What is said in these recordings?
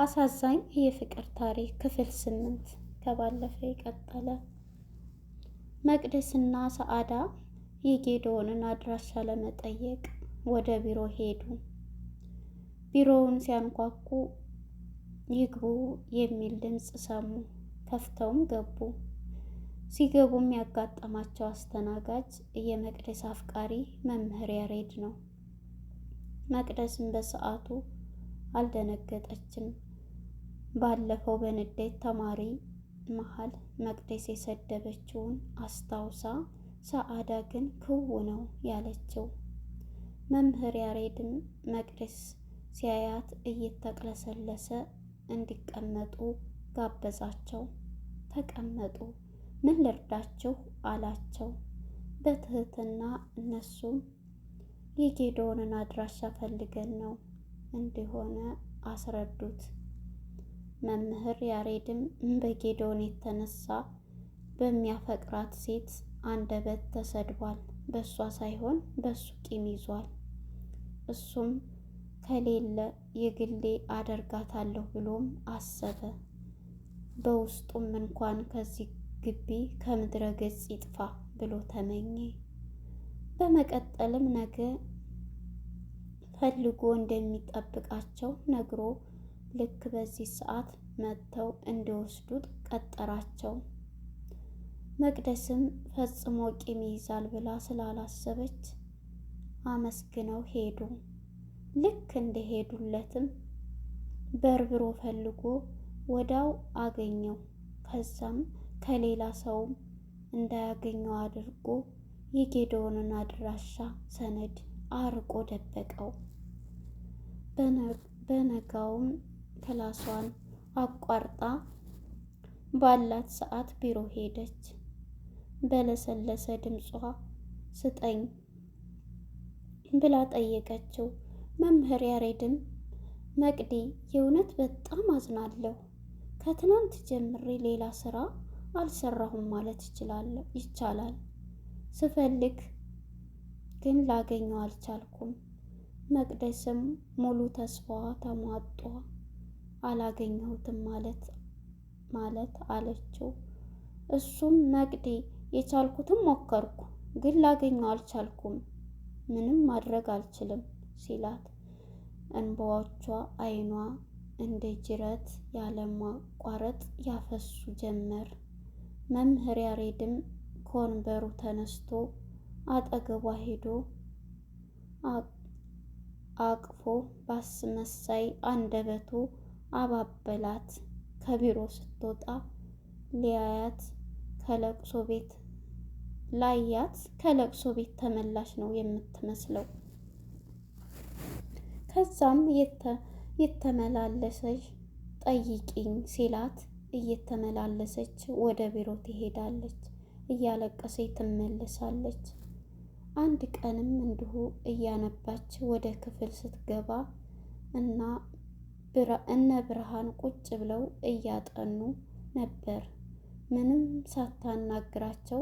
አሳዛኝ የፍቅር ታሪክ ክፍል ስምንት ከባለፈው የቀጠለ። መቅደስና ሰዓዳ የጌዶንን አድራሻ ለመጠየቅ ወደ ቢሮ ሄዱ። ቢሮውን ሲያንኳኩ ይግቡ የሚል ድምፅ ሰሙ። ከፍተውም ገቡ። ሲገቡም ያጋጠማቸው አስተናጋጅ የመቅደስ አፍቃሪ መምህር ያሬድ ነው። መቅደስም በሰዓቱ አልደነገጠችም። ባለፈው በንዴት ተማሪ መሀል መቅደስ የሰደበችውን አስታውሳ ሰአዳ ግን ክው ነው ያለችው። መምህር ያሬድን መቅደስ ሲያያት እየተቅለሰለሰ እንዲቀመጡ ጋበዛቸው። ተቀመጡ፣ ምን ልርዳችሁ አላቸው በትህትና። እነሱም የጌዶንን አድራሻ ፈልገን ነው እንዲሆነ አስረዱት። መምህር ያሬድም በጌዶን የተነሳ በሚያፈቅራት ሴት አንደበት ተሰድቧል። በእሷ ሳይሆን በእሱ ቂም ይዟል። እሱም ከሌለ የግሌ አደርጋታለሁ ብሎም አሰበ። በውስጡም እንኳን ከዚህ ግቢ ከምድረ ገጽ ይጥፋ ብሎ ተመኘ። በመቀጠልም ነገ ፈልጎ እንደሚጠብቃቸው ነግሮ ልክ በዚህ ሰዓት መጥተው እንዲወስዱት ቀጠራቸው። መቅደስም ፈጽሞ ቂም ይይዛል ብላ ስላላሰበች አመስግነው ሄዱ። ልክ እንደሄዱለትም በርብሮ ፈልጎ ወዳው አገኘው። ከዛም ከሌላ ሰውም እንዳያገኘው አድርጎ የጌዴዎንን አድራሻ ሰነድ አርቆ ደበቀው። በነጋውም ክላሷን አቋርጣ ባላት ሰዓት ቢሮ ሄደች። በለሰለሰ ድምጿ ስጠኝ ብላ ጠየቀችው። መምህር ያሬድም መቅዲ የእውነት በጣም አዝናለሁ፣ ከትናንት ጀምሬ ሌላ ስራ አልሰራሁም ማለት ይቻላል። ስፈልግ ግን ላገኘው አልቻልኩም። መቅደስም ሙሉ ተስፋዋ ተሟጧ። አላገኘሁትም ማለት ማለት አለችው። እሱም መቅዴ የቻልኩትን ሞከርኩ፣ ግን ላገኘው አልቻልኩም፣ ምንም ማድረግ አልችልም ሲላት እንባዎቿ አይኗ እንደ ጅረት ያለማቋረጥ ያፈሱ ጀመር። መምህር ያሬድም ከወንበሩ ተነስቶ አጠገቧ ሄዶ አቅፎ ባስመሳይ አንደበቱ አባበላት። ከቢሮ ስትወጣ ሊያያት ከለቅሶ ቤት ላያት ከለቅሶ ቤት ተመላሽ ነው የምትመስለው። ከዛም የተመላለሰች ጠይቂኝ ሲላት እየተመላለሰች ወደ ቢሮ ትሄዳለች። እያለቀሰች ትመለሳለች። አንድ ቀንም እንዲሁ እያነባች ወደ ክፍል ስትገባ እና እነ ብርሃን ቁጭ ብለው እያጠኑ ነበር። ምንም ሳታናግራቸው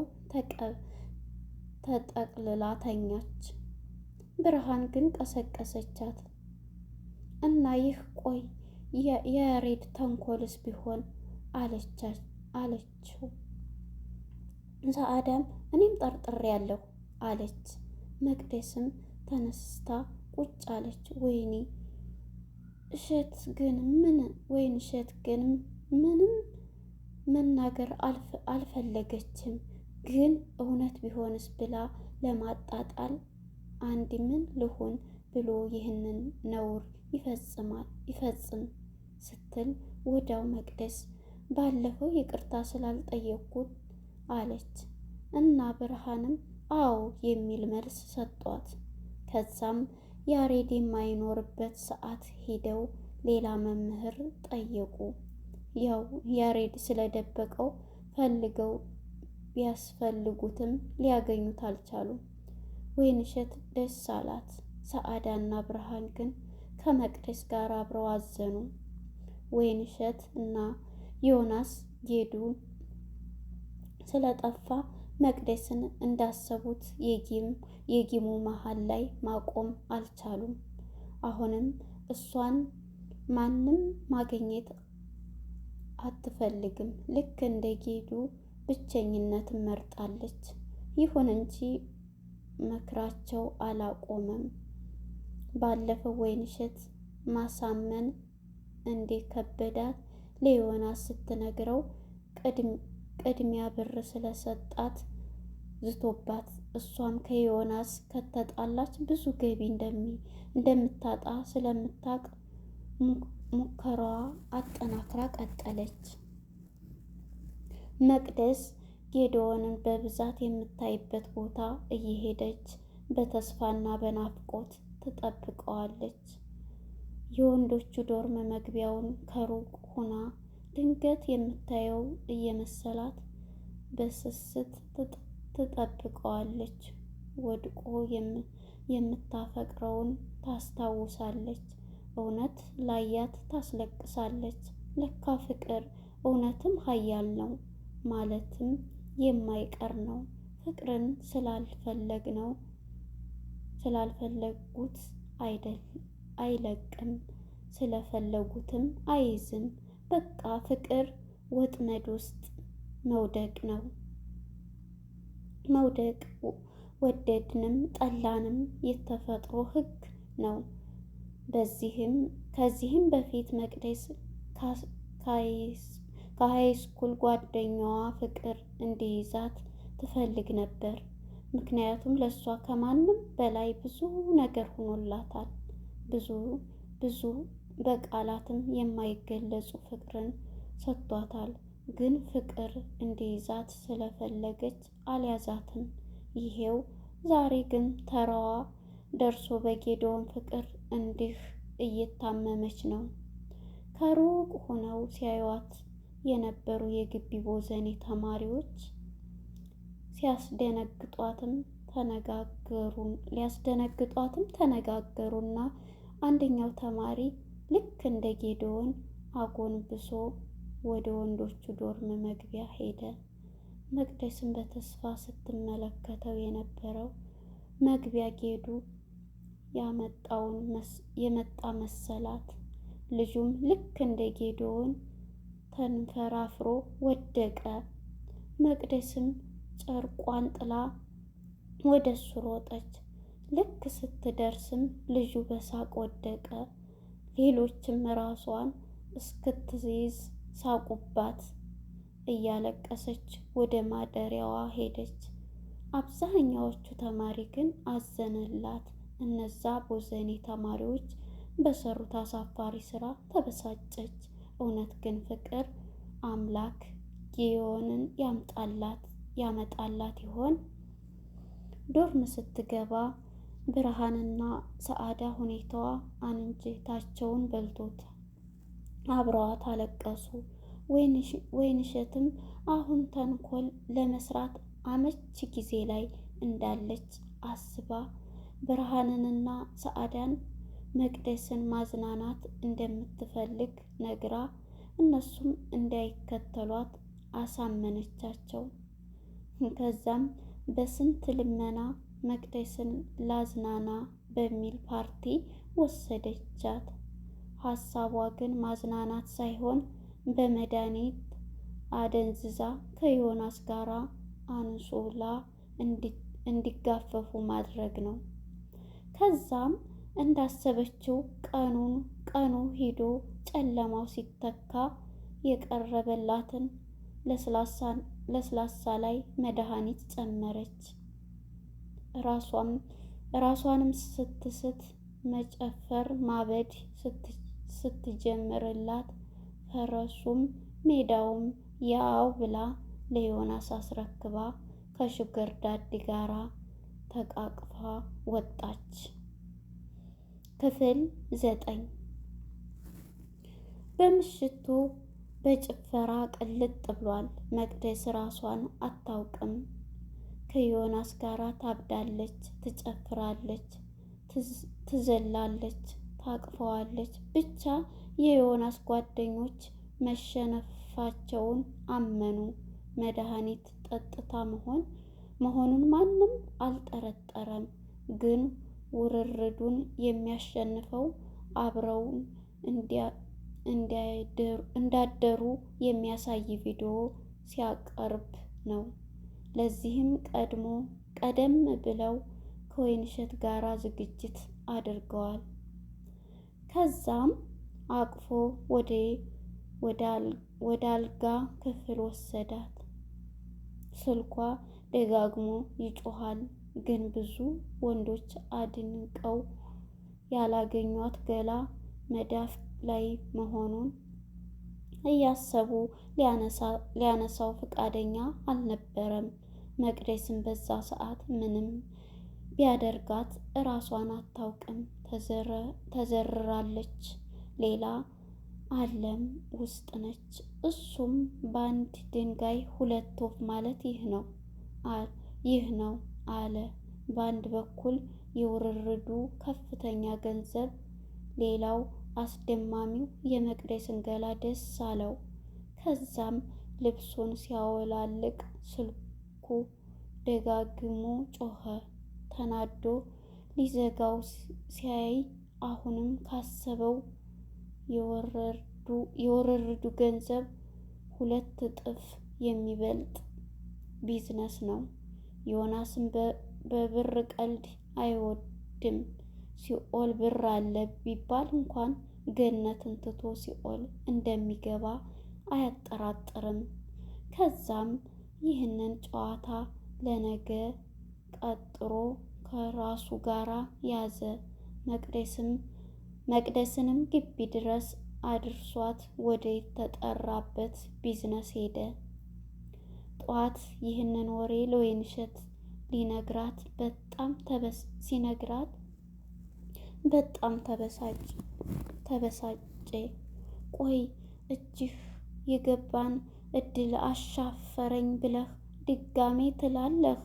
ተጠቅልላ ተኛች። ብርሃን ግን ቀሰቀሰቻት እና ይህ ቆይ የሬድ ተንኮልስ ቢሆን አለችው። ሰአዳም እኔም ጠርጥሬያለሁ አለች። መቅደስም ተነስታ ቁጭ አለች። ወይኔ እሸት ግን ምን ወይን እሸት ግን ምንም መናገር አልፈለገችም። ግን እውነት ቢሆንስ ብላ ለማጣጣል አንድ ምን ልሆን ብሎ ይህንን ነውር ይፈጽማል ይፈጽም ስትል ወዳው መቅደስ ባለፈው ይቅርታ ስላልጠየቅኩት አለች እና ብርሃንም አዎ የሚል መልስ ሰጧት። ከዛም ያሬድ የማይኖርበት ሰዓት ሄደው ሌላ መምህር ጠየቁ። ያው ያሬድ ስለደበቀው ፈልገው ቢያስፈልጉትም ሊያገኙት አልቻሉ። ወይንሸት ደስ አላት። ሰዓዳና ብርሃን ግን ከመቅደስ ጋር አብረው አዘኑ። ወይንሸት እና ዮናስ ጌዱ ስለጠፋ መቅደስን እንዳሰቡት የጌም የጊሙ መሃል ላይ ማቆም አልቻሉም። አሁንም እሷን ማንም ማግኘት አትፈልግም። ልክ እንደ ጌዱ ብቸኝነት መርጣለች። ይሁን እንጂ መክራቸው አላቆመም። ባለፈው ወይንሸት ማሳመን እንዴ ከበዳት ለዮናስ ስትነግረው ቅድሚያ ብር ስለሰጣት ዝቶባት እሷም ከዮናስ ከተጣላች ብዙ ገቢ እንደምታጣ ስለምታቅ ሙከራዋ አጠናክራ ቀጠለች። መቅደስ ጌዶንን በብዛት የምታይበት ቦታ እየሄደች በተስፋና በናፍቆት ትጠብቀዋለች። የወንዶቹ ዶርም መግቢያውን ከሩቅ ሆና ድንገት የምታየው እየመሰላት በስስት ትጠብቀዋለች። ወድቆ የምታፈቅረውን ታስታውሳለች። እውነት ላያት ታስለቅሳለች። ለካ ፍቅር እውነትም ኃያል ነው፣ ማለትም የማይቀር ነው። ፍቅርን ስላልፈለግ ነው ስላልፈለጉት አይለቅም፣ ስለፈለጉትም አይዝም በቃ ፍቅር ወጥመድ ውስጥ መውደቅ ነው። መውደቅ ወደድንም ጠላንም የተፈጥሮ ሕግ ነው። በዚህም ከዚህም በፊት መቅደስ ከሃይስኩል ጓደኛዋ ፍቅር እንዲይዛት ትፈልግ ነበር። ምክንያቱም ለእሷ ከማንም በላይ ብዙ ነገር ሆኖላታል። ብዙ ብዙ በቃላትም የማይገለጹ ፍቅርን ሰጥቷታል። ግን ፍቅር እንዲይዛት ስለፈለገች አልያዛትም። ይሄው ዛሬ ግን ተራዋ ደርሶ በጌዶን ፍቅር እንዲህ እየታመመች ነው። ከሩቅ ሆነው ሲያዩዋት የነበሩ የግቢ ቦዘኔ ተማሪዎች ሲያስደነግጧትም ተነጋገሩ ሊያስደነግጧትም ተነጋገሩና አንደኛው ተማሪ ልክ እንደ ጌዶን አጎንብሶ ወደ ወንዶቹ ዶርም መግቢያ ሄደ። መቅደስን በተስፋ ስትመለከተው የነበረው መግቢያ ጌዱ ያመጣውን የመጣ መሰላት። ልጁም ልክ እንደ ጌዶውን ተንፈራፍሮ ወደቀ። መቅደስም ጨርቋን ጥላ ወደ እሱ ሮጠች። ልክ ስትደርስም ልጁ በሳቅ ወደቀ። ሌሎችም ራሷን እስክትይዝ ሳቁባት። እያለቀሰች ወደ ማደሪያዋ ሄደች። አብዛኛዎቹ ተማሪ ግን አዘነላት። እነዛ ቦዘኔ ተማሪዎች በሰሩት አሳፋሪ ስራ ተበሳጨች። እውነት ግን ፍቅር አምላክ ጊዮንን ያምጣላት ያመጣላት ይሆን? ዶርም ስትገባ ብርሃንና ሰዓዳ ሁኔታዋ አንጀታቸውን በልቶታል። አብረዋት አለቀሱ። ወይንሸትም አሁን ተንኮል ለመስራት አመች ጊዜ ላይ እንዳለች አስባ ብርሃንንና ሰዓዳን መቅደስን ማዝናናት እንደምትፈልግ ነግራ እነሱም እንዳይከተሏት አሳመነቻቸው። ከዛም በስንት ልመና መቅደስን ላዝናና በሚል ፓርቲ ወሰደቻት። ሐሳቧ ግን ማዝናናት ሳይሆን በመድኃኒት አደንዝዛ ከዮናስ ጋር አንሶላ እንዲጋፈፉ ማድረግ ነው። ከዛም እንዳሰበችው ቀኑን ቀኑ ሂዶ ጨለማው ሲተካ የቀረበላትን ለስላሳ ላይ መድኃኒት ጨመረች። ራሷንም ስትስት መጨፈር ማበድ ስትች ስትጀምርላት ፈረሱም ሜዳውም ያው ብላ ለዮናስ አስረክባ ከሹገር ዳዲ ጋራ ተቃቅፋ ወጣች። ክፍል ዘጠኝ በምሽቱ በጭፈራ ቅልጥ ብሏል። መቅደስ ራሷን አታውቅም። ከዮናስ ጋራ ታብዳለች፣ ትጨፍራለች፣ ትዘላለች። ታቅፈዋለች። ብቻ የዮናስ ጓደኞች መሸነፋቸውን አመኑ። መድኃኒት ጠጥታ መሆን መሆኑን ማንም አልጠረጠረም። ግን ውርርዱን የሚያሸንፈው አብረውን እንዳደሩ የሚያሳይ ቪዲዮ ሲያቀርብ ነው። ለዚህም ቀድሞ ቀደም ብለው ከወይንሸት ጋራ ዝግጅት አድርገዋል። ከዛም አቅፎ ወደ አልጋ ክፍል ወሰዳት። ስልኳ ደጋግሞ ይጮሃል፣ ግን ብዙ ወንዶች አድንቀው ያላገኟት ገላ መዳፍ ላይ መሆኑን እያሰቡ ሊያነሳው ፈቃደኛ አልነበረም። መቅደስን በዛ ሰዓት ምንም ቢያደርጋት እራሷን አታውቅም። ተዘርራለች። ሌላ ዓለም ውስጥ ነች። እሱም በአንድ ድንጋይ ሁለት ወፍ ማለት ይህ ነው ይህ ነው አለ። በአንድ በኩል የውርርዱ ከፍተኛ ገንዘብ፣ ሌላው አስደማሚው የመቅደስን ገላ ደስ አለው። ከዛም ልብሱን ሲያወላልቅ ስልኩ ደጋግሞ ጮኸ። ተናዶ ሊዘጋው ሲያይ አሁንም ካሰበው የወረርዱ ገንዘብ ሁለት እጥፍ የሚበልጥ ቢዝነስ ነው። ዮናስን በብር ቀልድ አይወድም። ሲኦል ብር አለ ቢባል እንኳን ገነትን ትቶ ሲኦል እንደሚገባ አያጠራጥርም። ከዛም ይህንን ጨዋታ ለነገ ቀጥሮ ከራሱ ጋር ያዘ። መቅደስንም ግቢ ድረስ አድርሷት ወደ ተጠራበት ቢዝነስ ሄደ። ጠዋት ይህንን ወሬ ለወይንሸት ሊነግራት በጣም ሲነግራት በጣም ተበሳጨ። ቆይ እጅህ የገባን እድል አሻፈረኝ ብለህ ድጋሜ ትላለህ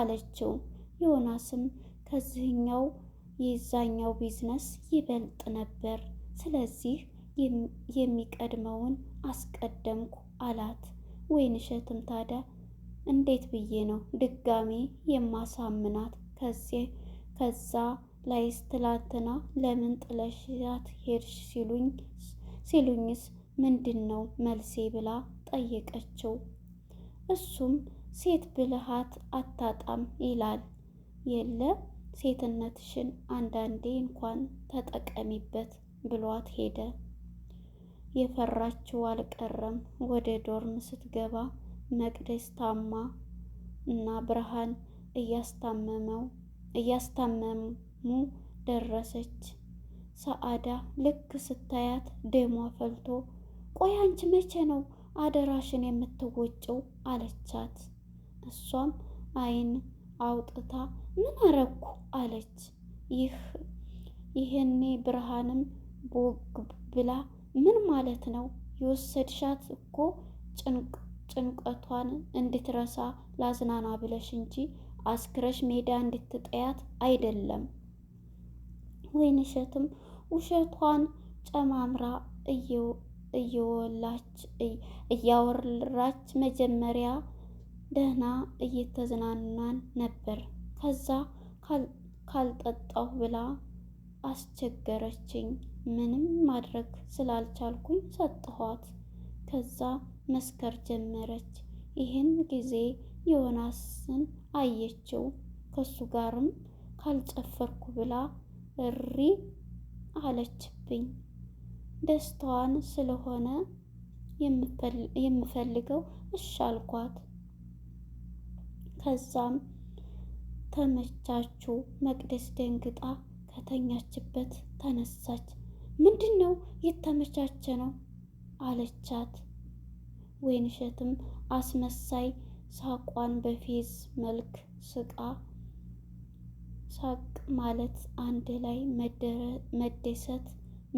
አለችው። ዮናስም ከዚህኛው የዛኛው ቢዝነስ ይበልጥ ነበር። ስለዚህ የሚቀድመውን አስቀደምኩ አላት። ወይንሸትም ታዲያ እንዴት ብዬ ነው ድጋሜ የማሳምናት? ከዛ ላይስ ትላንትና ለምን ጥለሽያት ሄድሽ ሲሉኝስ ምንድን ነው መልሴ ብላ ጠየቀችው። እሱም ሴት ብልሃት አታጣም ይላል። የለ ሴትነትሽን አንዳንዴ እንኳን ተጠቀሚበት ብሏት ሄደ። የፈራችው አልቀረም። ወደ ዶርም ስትገባ መቅደስ ታማ እና ብርሃን እያስታመመው እያስታመሙ ደረሰች። ሰአዳ ልክ ስታያት ደሟ ፈልቶ ቆይ አንቺ መቼ ነው አደራሽን የምትወጪው? አለቻት። እሷም አይን አውጥታ ምን አረኩ አለች። ይህ ይሄኔ ብርሃንም ቦግ ብላ ምን ማለት ነው የወሰድሻት እኮ ጭንቀቷን እንድትረሳ ላዝናና ብለሽ እንጂ አስክረሽ ሜዳ እንድትጠያት አይደለም። ወይን እሸትም ውሸቷን ጨማምራ እየወላች እያወራች መጀመሪያ ደህና እየተዝናናን ነበር። ከዛ ካልጠጣሁ ብላ አስቸገረችኝ። ምንም ማድረግ ስላልቻልኩኝ ሰጥኋት። ከዛ መስከር ጀመረች። ይህን ጊዜ ዮናስን አየችው። ከሱ ጋርም ካልጨፈርኩ ብላ እሪ አለችብኝ። ደስታዋን ስለሆነ የምፈልገው እሺ አልኳት። ከዛም ተመቻችሁ። መቅደስ ደንግጣ ከተኛችበት ተነሳች። ምንድን ነው የተመቻቸ ነው አለቻት። ወይንሸትም አስመሳይ ሳቋን በፌዝ መልክ ስቃ ሳቅ ማለት አንድ ላይ መደሰት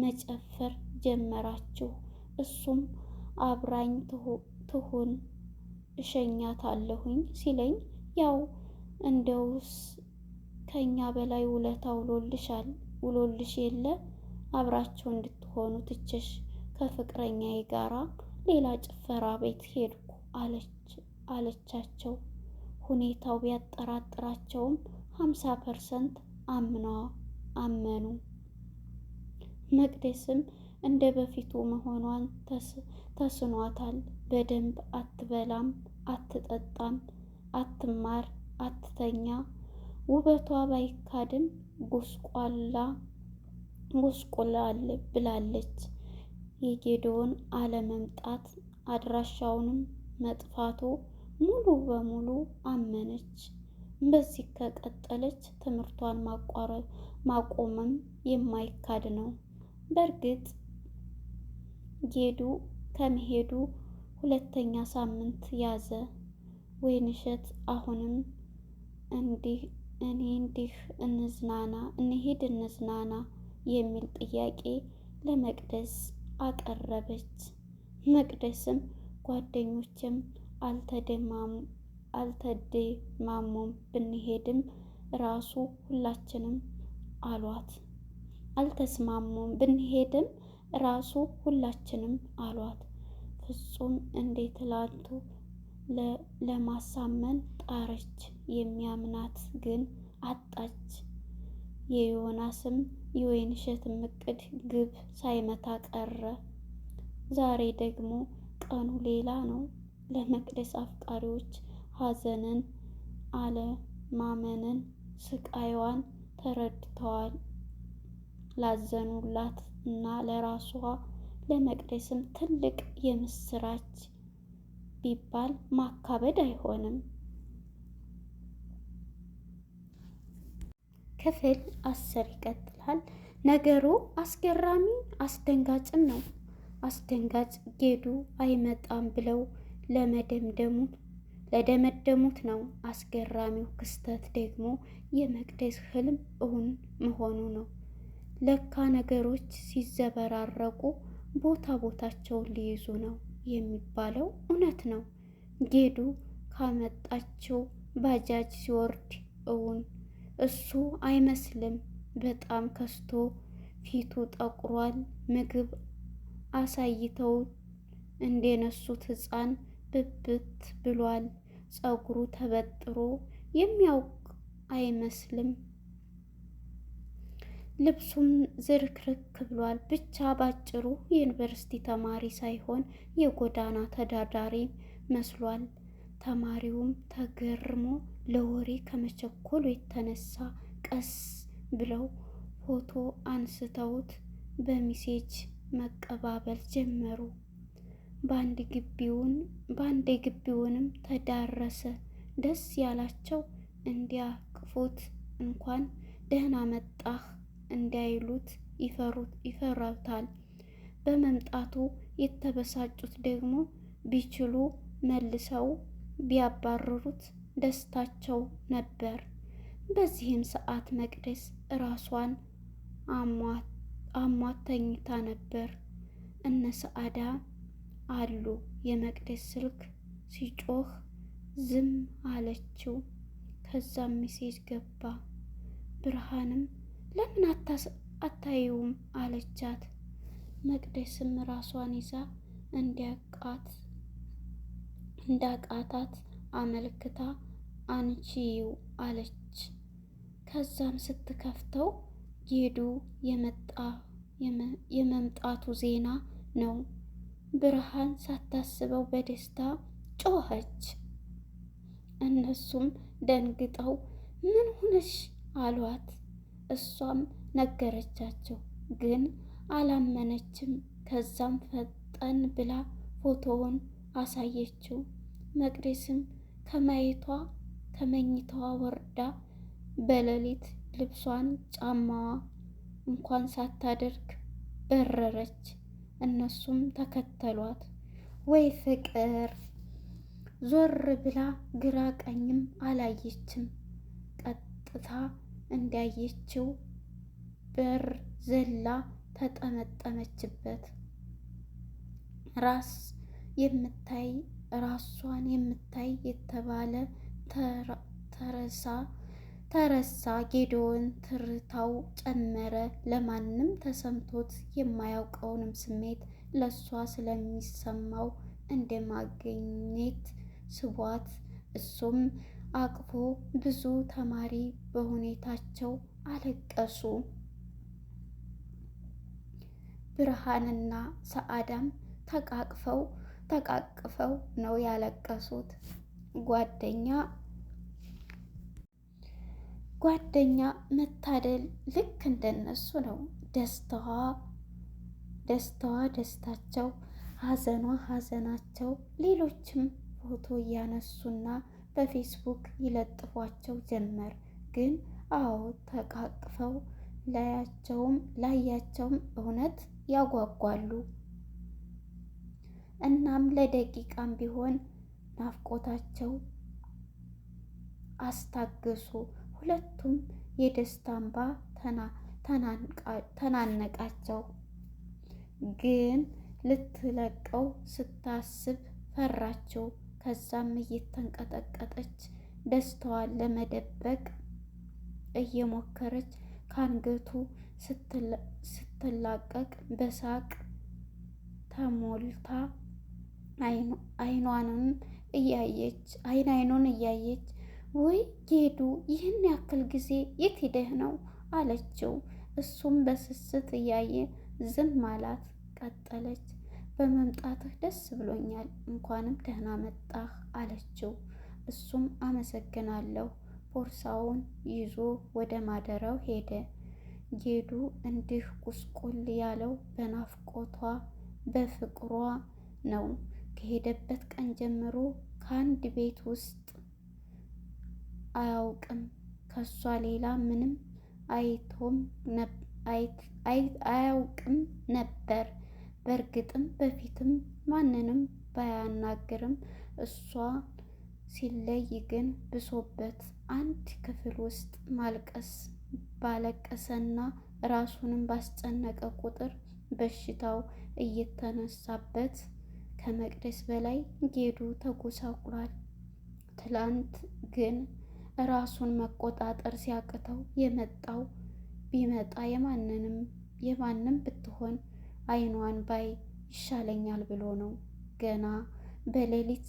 መጨፈር ጀመራችሁ። እሱም አብራኝ ትሁን አለሁኝ ሲለኝ ያው እንደውስ ከኛ በላይ ውለታ ውሎልሻል ውሎልሽ የለ አብራቸው እንድትሆኑ ትችሽ ከፍቅረኛዬ ጋራ ሌላ ጭፈራ ቤት ሄድኩ አለቻቸው። ሁኔታው ቢያጠራጥራቸውም ሀምሳ ፐርሰንት አመኑ። መቅደስም እንደ በፊቱ መሆኗን ተስኗታል። በደንብ አትበላም፣ አትጠጣም፣ አትማር አትተኛ ውበቷ ባይካድም ጉስቋላ ጎስቆላ ብላለች። የጌዶን አለመምጣት አድራሻውንም መጥፋቱ ሙሉ በሙሉ አመነች። በዚህ ከቀጠለች ትምህርቷን ማቆምም የማይካድ ነው። በእርግጥ ጌዱ ከመሄዱ ሁለተኛ ሳምንት ያዘ። ወይንሸት አሁንም እንዲህ እኔ እንዲህ እንዝናና እንሄድ እንዝናና የሚል ጥያቄ ለመቅደስ አቀረበች። መቅደስም ጓደኞችም አልተደማሙም ብንሄድም ራሱ ሁላችንም አሏት። አልተስማሙም ብንሄድም ራሱ ሁላችንም አሏት። ፍጹም እንዴት ላልቱ ለማሳመን ጣረች፣ የሚያምናት ግን አጣች። የዮናስም የወይን እሸትም እቅድ ግብ ሳይመታ ቀረ። ዛሬ ደግሞ ቀኑ ሌላ ነው። ለመቅደስ አፍቃሪዎች ሐዘንን፣ አለማመንን፣ ስቃይዋን ተረድተዋል። ላዘኑላት እና ለራሷ ለመቅደስም ትልቅ የምስራች ቢባል ማካበድ አይሆንም። ክፍል አስር ይቀጥላል። ነገሩ አስገራሚ አስደንጋጭም ነው። አስደንጋጭ ጌዱ አይመጣም ብለው ለመደምደሙ ለደመደሙት ነው። አስገራሚው ክስተት ደግሞ የመቅደስ ህልም እውን መሆኑ ነው። ለካ ነገሮች ሲዘበራረቁ ቦታ ቦታቸውን ሊይዙ ነው የሚባለው እውነት ነው። ጌዱ ካመጣቸው ባጃጅ ሲወርድ እውን እሱ አይመስልም። በጣም ከስቶ ፊቱ ጠቁሯል። ምግብ አሳይተው እንደነሱት ሕፃን ብብት ብሏል። ፀጉሩ ተበጥሮ የሚያውቅ አይመስልም። ልብሱም ዝርክርክ ብሏል። ብቻ ባጭሩ የዩኒቨርሲቲ ተማሪ ሳይሆን የጎዳና ተዳዳሪ መስሏል። ተማሪውም ተገርሞ ለወሬ ከመቸኮሉ የተነሳ ቀስ ብለው ፎቶ አንስተውት በሚሴጅ መቀባበል ጀመሩ። በአንድ ግቢውንም ተዳረሰ። ደስ ያላቸው እንዲያቅፉት እንኳን ደህና መጣህ እንዳይሉት ይፈራውታል በመምጣቱ የተበሳጩት ደግሞ ቢችሉ መልሰው ቢያባርሩት ደስታቸው ነበር። በዚህም ሰዓት መቅደስ ራሷን አሟት ተኝታ ነበር። እነ ሰአዳ አሉ። የመቅደስ ስልክ ሲጮህ ዝም አለችው። ከዛም ሚሴጅ ገባ። ብርሃንም ለምን አታዩም አለቻት። መቅደስም ራሷን ይዛ እንዲያቃት እንዳቃታት አመልክታ አንቺው አለች። ከዛም ስትከፍተው ጌዱ የመጣ የመምጣቱ ዜና ነው። ብርሃን ሳታስበው በደስታ ጮኸች። እነሱም ደንግጠው ምን ሆነሽ አሏት። እሷም ነገረቻቸው፣ ግን አላመነችም። ከዛም ፈጠን ብላ ፎቶውን አሳየችው። መቅደስም ከማየቷ ከመኝታዋ ወርዳ በሌሊት ልብሷን ጫማዋ እንኳን ሳታደርግ በረረች። እነሱም ተከተሏት። ወይ ፍቅር! ዞር ብላ ግራ ቀኝም አላየችም። ቀጥታ እንዳየችው በር ዘላ ተጠመጠመችበት። ራስ የምታይ ራሷን የምታይ የተባለ ተረሳ ተረሳ ጌዶን ትርታው ጨመረ። ለማንም ተሰምቶት የማያውቀውንም ስሜት ለእሷ ስለሚሰማው እንደ ማግኘት ስቧት እሱም አቅፎ ብዙ ተማሪ በሁኔታቸው አለቀሱ። ብርሃንና ሰአዳም ተቃቅፈው ተቃቅፈው ነው ያለቀሱት። ጓደኛ ጓደኛ መታደል ልክ እንደነሱ ነው። ደስታዋ ደስታዋ ደስታቸው፣ ሀዘኗ ሀዘናቸው ሌሎችም ፎቶ እያነሱና በፌስቡክ ይለጥፏቸው ጀመር። ግን አዎ ተቃቅፈው ላያቸውም ላያቸውም እውነት ያጓጓሉ። እናም ለደቂቃም ቢሆን ናፍቆታቸው አስታገሱ። ሁለቱም የደስታ እንባ ተናነቃቸው። ግን ልትለቀው ስታስብ ፈራቸው። ከዛም እየተንቀጠቀጠች ደስታዋን ለመደበቅ እየሞከረች ከአንገቱ ስትላቀቅ በሳቅ ተሞልታ አይኗንም እያየች አይን አይኑን እያየች ወይ ጌዱ ይህን ያክል ጊዜ የት ሂደህ ነው አለችው። እሱም በስስት እያየ ዝም አላት። ቀጠለች። በመምጣትህ ደስ ብሎኛል፣ እንኳንም ደህና መጣህ አለችው። እሱም አመሰግናለሁ። ቦርሳውን ይዞ ወደ ማደሪያው ሄደ። ጌዱ እንዲህ ቁስቁል ያለው በናፍቆቷ በፍቅሯ ነው። ከሄደበት ቀን ጀምሮ ከአንድ ቤት ውስጥ አያውቅም። ከሷ ሌላ ምንም አይቶም አያውቅም ነበር። በእርግጥም በፊትም ማንንም ባያናግርም እሷ ሲለይ ግን ብሶበት አንድ ክፍል ውስጥ ማልቀስ ባለቀሰና ራሱንም ባስጨነቀ ቁጥር በሽታው እየተነሳበት ከመቅደስ በላይ ጌዱ ተጎሳቁሏል። ትላንት ግን ራሱን መቆጣጠር ሲያቅተው የመጣው ቢመጣ የማንንም የማንም ብትሆን አይኗን ባይ ይሻለኛል ብሎ ነው ገና በሌሊት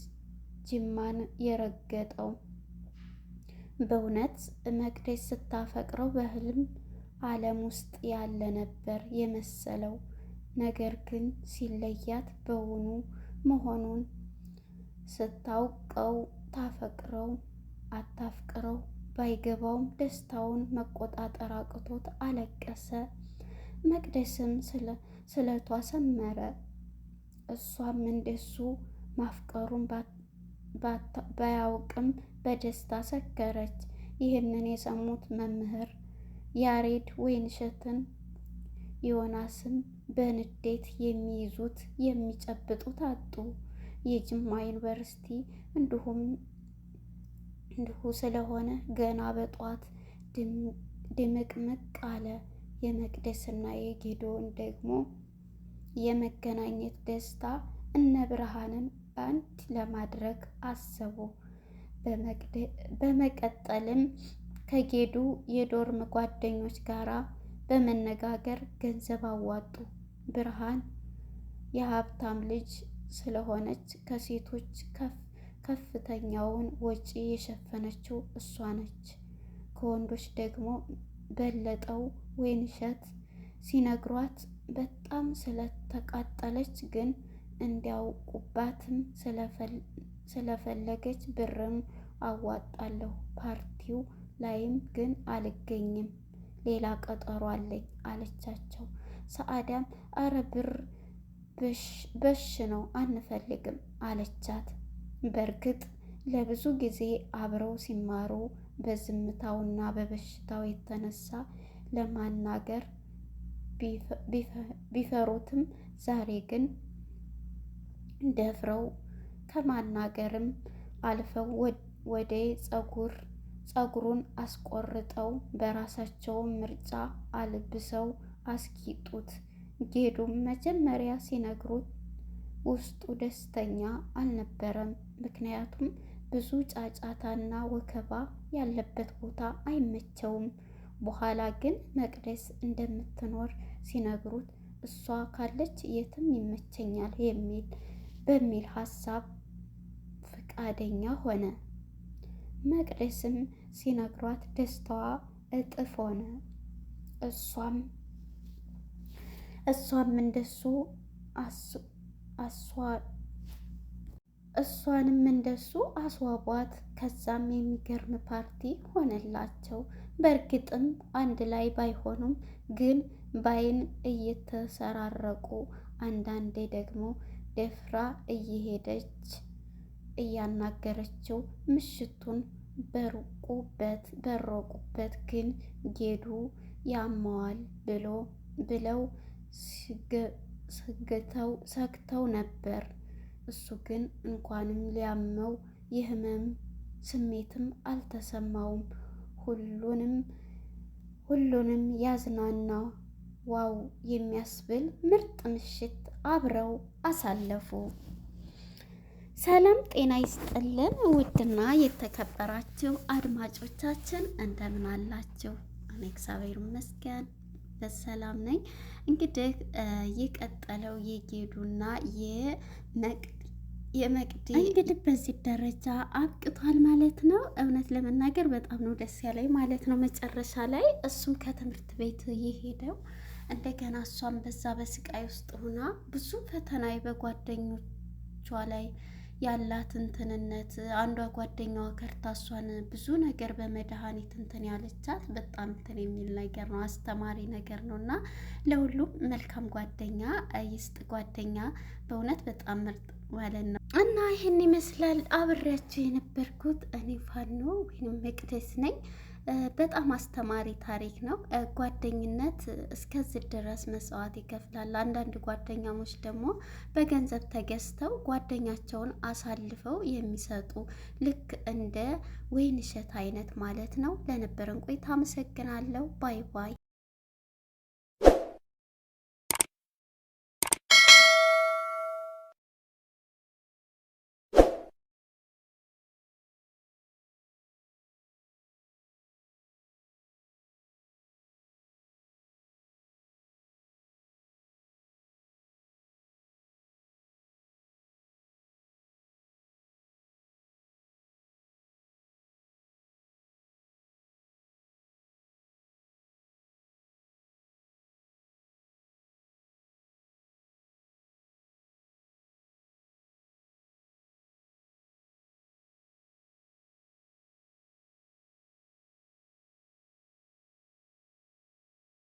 ጅማን የረገጠው። በእውነት መቅደስ ስታፈቅረው በህልም ዓለም ውስጥ ያለ ነበር የመሰለው። ነገር ግን ሲለያት በውኑ መሆኑን ስታውቀው ታፈቅረው አታፍቅረው ባይገባውም ደስታውን መቆጣጠር አቅቶት አለቀሰ። መቅደስም ስለቷ ሰመረ። እሷም እንደሱ ማፍቀሩን ባያውቅም በደስታ ሰከረች። ይህንን የሰሙት መምህር ያሬድ ወይንሸትን ዮናስን በንዴት የሚይዙት የሚጨብጡት አጡ። የጅማ ዩኒቨርሲቲ እንዲሁም እንዲሁ ስለሆነ ገና በጧት ድምቅምቅ አለ። የመቅደስና የጌዶን ደግሞ የመገናኘት ደስታ እነ ብርሃንን አንድ ለማድረግ አሰቡ። በመቀጠልም ከጌዱ የዶርም ጓደኞች ጋራ በመነጋገር ገንዘብ አዋጡ። ብርሃን የሀብታም ልጅ ስለሆነች ከሴቶች ከፍተኛውን ወጪ የሸፈነችው እሷ ነች። ከወንዶች ደግሞ በለጠው ወይንሸት ሲነግሯት በጣም ስለተቃጠለች ግን እንዲያውቁባትም ስለፈለገች ብርም አዋጣለሁ ፓርቲው ላይም ግን አልገኝም ሌላ ቀጠሮ አለኝ አለቻቸው። ሰአዳም አረ ብር በሽ ነው አንፈልግም አለቻት። በእርግጥ ለብዙ ጊዜ አብረው ሲማሩ በዝምታውና በበሽታው የተነሳ ለማናገር ቢፈሩትም ዛሬ ግን ደፍረው ከማናገርም አልፈው ወደ ጸጉር ጸጉሩን አስቆርጠው በራሳቸው ምርጫ አልብሰው አስጊጡት። ጌዱም መጀመሪያ ሲነግሩት ውስጡ ደስተኛ አልነበረም። ምክንያቱም ብዙ ጫጫታና ወከባ ያለበት ቦታ አይመቸውም። በኋላ ግን መቅደስ እንደምትኖር ሲነግሩት እሷ ካለች የትም ይመቸኛል የሚል በሚል ሀሳብ ፈቃደኛ ሆነ። መቅደስም ሲነግሯት ደስታዋ እጥፍ ሆነ። እሷም እሷም እንደሱ እሷንም እንደሱ አስዋቧት። ከዛም የሚገርም ፓርቲ ሆነላቸው። በእርግጥም አንድ ላይ ባይሆኑም ግን ባይን እየተሰራረቁ አንዳንዴ ደግሞ ደፍራ እየሄደች እያናገረችው ምሽቱን በሩቁበት በሮቁበት ግን ጌዱ ያማዋል ብሎ ብለው ሰግተው ነበር። እሱ ግን እንኳንም ሊያመው የህመም ስሜትም አልተሰማውም። ሁሉንም ሁሉንም ያዝናና ዋው የሚያስብል ምርጥ ምሽት አብረው አሳለፉ። ሰላም ጤና ይስጥልን ውድና የተከበራችሁ አድማጮቻችን እንደምን አላችሁ? እኔ እግዚአብሔር ይመስገን በሰላም ነኝ። እንግዲህ የቀጠለው የጌዱና የመቅዲ እንግዲህ በዚህ ደረጃ አብቅቷል ማለት ነው። እውነት ለመናገር በጣም ነው ደስ ያለኝ ማለት ነው። መጨረሻ ላይ እሱም ከትምህርት ቤት የሄደው እንደገና እሷም በዛ በስቃይ ውስጥ ሆና ብዙ ፈተና በጓደኞቿ ላይ ያላት እንትንነት አንዷ ጓደኛዋ ከርታ እሷን ብዙ ነገር በመድኃኒት እንትን ያለቻት በጣም እንትን የሚል ነገር ነው፣ አስተማሪ ነገር ነው። እና ለሁሉም መልካም ጓደኛ ይስጥ። ጓደኛ በእውነት በጣም ምርጥ ማለት ነው። እና ይህን ይመስላል አብሬያቸው የነበርኩት እኔ ፋኖ ወይም መቅደስ ነኝ። በጣም አስተማሪ ታሪክ ነው። ጓደኝነት እስከዚህ ድረስ መስዋዕት ይከፍላል። አንዳንድ ጓደኛሞች ደግሞ በገንዘብ ተገዝተው ጓደኛቸውን አሳልፈው የሚሰጡ ልክ እንደ ወይን እሸት አይነት ማለት ነው። ለነበረን ቆይታ አመሰግናለሁ። ባይ ባይ።